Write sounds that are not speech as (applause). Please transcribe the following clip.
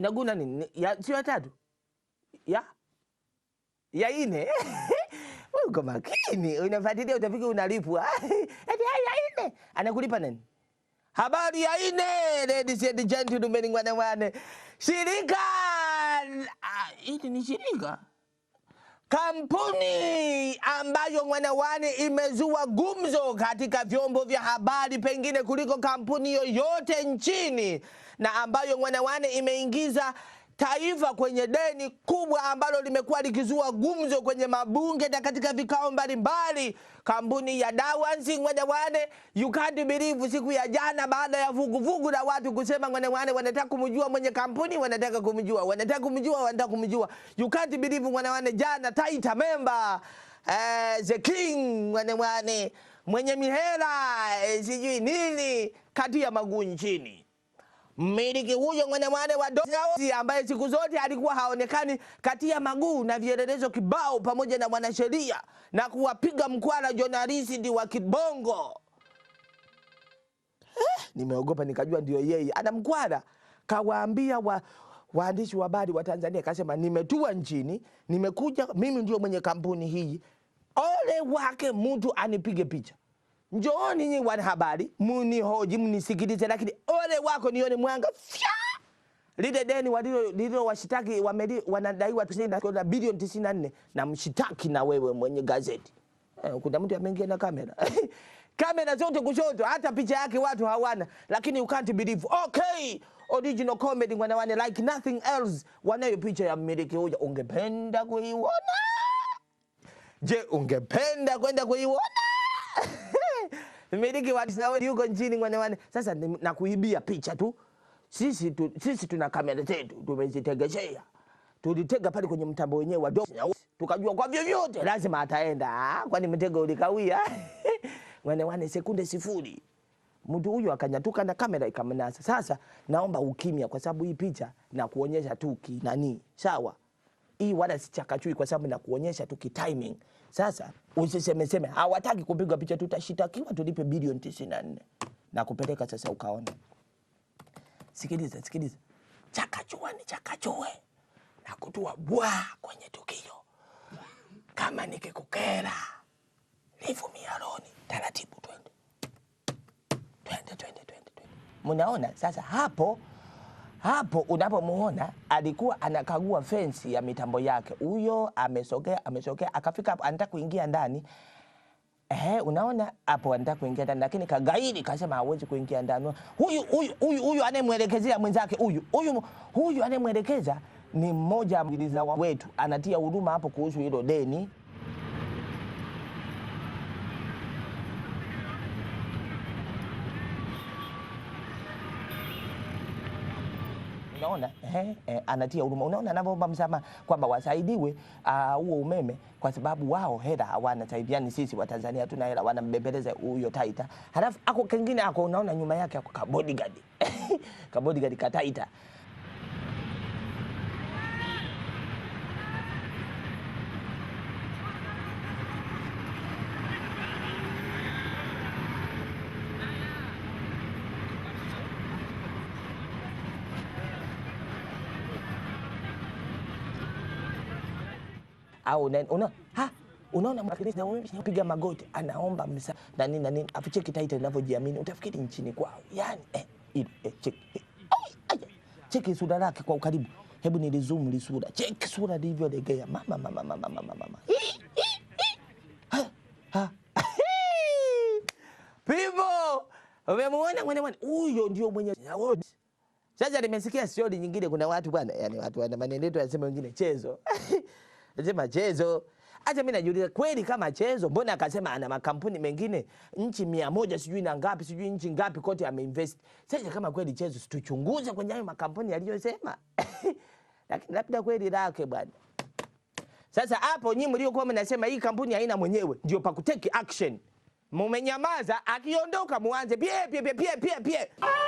Naguna nini? Ya sio ya tatu? Ya ya ine. (laughs) Wewe uko makini, unafuatilia utafiki unalipwa. Ati (laughs) ya ine. Anakulipa nani? Habari ya ine, ladies and gentlemen, mwana Shirika. Ah, hili ni shirika. Kampuni ambayo mwanawani imezua gumzo katika vyombo vya habari pengine kuliko kampuni yoyote nchini na ambayo mwanawani imeingiza taifa kwenye deni kubwa ambalo limekuwa likizua gumzo kwenye mabunge na katika vikao mbalimbali. Kampuni ya Dawanzi Ngwendewane, you can't believe, siku ya jana, baada ya vuguvugu la watu kusema Ngwendewane wanataka kumjua mwenye kampuni, wanataka kumjua, wanataka kumjua, wanataka kumjua, you can't believe, Ngwendewane jana, Taita member uh, the king Ngwendewane mwenye mihela eh, sijui nini, kati ya magunjini Mmiliki huyo mwanamwale wa dozi ambaye siku zote alikuwa haonekani kati ya maguu na vielelezo kibao pamoja na mwanasheria na kuwapiga mkwara jonalisti wa kibongo. Eh, nimeogopa nikajua ndio yeye ana mkwara. Kawaambia wa waandishi wa habari wa Tanzania, kasema nimetua nchini, nimekuja mimi ndio mwenye kampuni hii, ole wake mtu anipige picha. Njooni nyinyi wanahabari, munihoji, mnisikilize, lakini ole wako nione mwanga fya lile deni walilo washitaki wameli wanadaiwa bilioni tisini na nne na mshitaki na wewe mwenye gazeti eh, kuna mtu ameingia na kamera (laughs) kamera zote kushoto, hata picha yake watu hawana, lakini you can't believe. Okay, original comedy wanawane like nothing else, wanayo picha ya mmiliki huyo. Ungependa kuiona? Je, ungependa kwenda kuiona? (laughs) Mmiliki wa Disney yuko nchini ngwane wane. Sasa nakuibia picha tu. Sisi tu, sisi tuna kamera zetu tumezitegeshea. Tulitega pale kwenye mtambo wenyewe wa Dosi. Tukajua kwa vyovyote lazima ataenda. Ah, kwani mtego ulikawia. (laughs) Ngwane sekunde sifuri. Mtu huyo akanyatuka na kamera ikamnasa. Sasa naomba ukimya kwa sababu hii picha na kuonyesha tu kinani. Sawa? hii wala sichakachui kwa sababu nakuonyesha tu kitiming. Sasa usisemeseme hawataki kupigwa picha, tutashitakiwa tulipe bilioni tisini na nne na kupeleka sasa. Ukaona, sikiliza, sikiliza, chakachua ni chakachue na kutua bwa kwenye tukio. Kama nikikukera livu miaroni taratibu, twende twende twende twende, mnaona Munaona sasa hapo hapo unapomuona alikuwa anakagua fensi ya mitambo yake, huyo amesogea amesogea, akafika hapo anataka kuingia ndani. Ehe, unaona hapo anataka kuingia ndani, lakini kagairi kasema hawezi kuingia ndani. Huyu huyu huyu huyu anayemwelekezea mwenzake huyu huyu huyu anayemwelekeza ni mmoja wa wetu, anatia huruma hapo kuhusu hilo deni. Unaona eh, eh, anatia huruma. Unaona anavyoomba msamaha kwamba wasaidiwe ah, huo uh, umeme kwa sababu wao hela hawana taifa, yaani sisi wa Tanzania tuna hela, wanambembeleza huyo Taita. Halafu ako kingine ako, unaona nyuma yake ako ka bodyguard (laughs) ka bodyguard ka Taita au unaona ha unaona mwakilishi anapiga magoti anaomba msa na nini na nini, afiche kitaita ninavyojiamini utafikiri nchini kwao yani eh, eh, cheki eh, ay, ay, cheki sura lake kwa ukaribu, hebu ni zoom li sura, cheki sura ilivyolegea, mama mama mama mama mama (laughs) Pivo, umemuona mwana mwana huyo ndio mwenye wote. Sasa nimesikia story nyingine, kuna watu bwana, yani watu wana maneno yanasema wengine chezo (laughs) Anasema chezo. Acha mimi najiuliza kweli kama chezo, mbona akasema ana makampuni mengine nchi mia moja sijui na ngapi sijui nchi ngapi kote ameinvest. Sasa kama kweli chezo, situchunguze kwenye hayo makampuni aliyosema. (laughs) Lakini labda kweli lake bwana. Sasa hapo nyinyi mliokuwa mnasema hii kampuni haina mwenyewe, ndio pa kuteki action. Mumenyamaza, akiondoka muanze pie pie pie pie pie. Ah!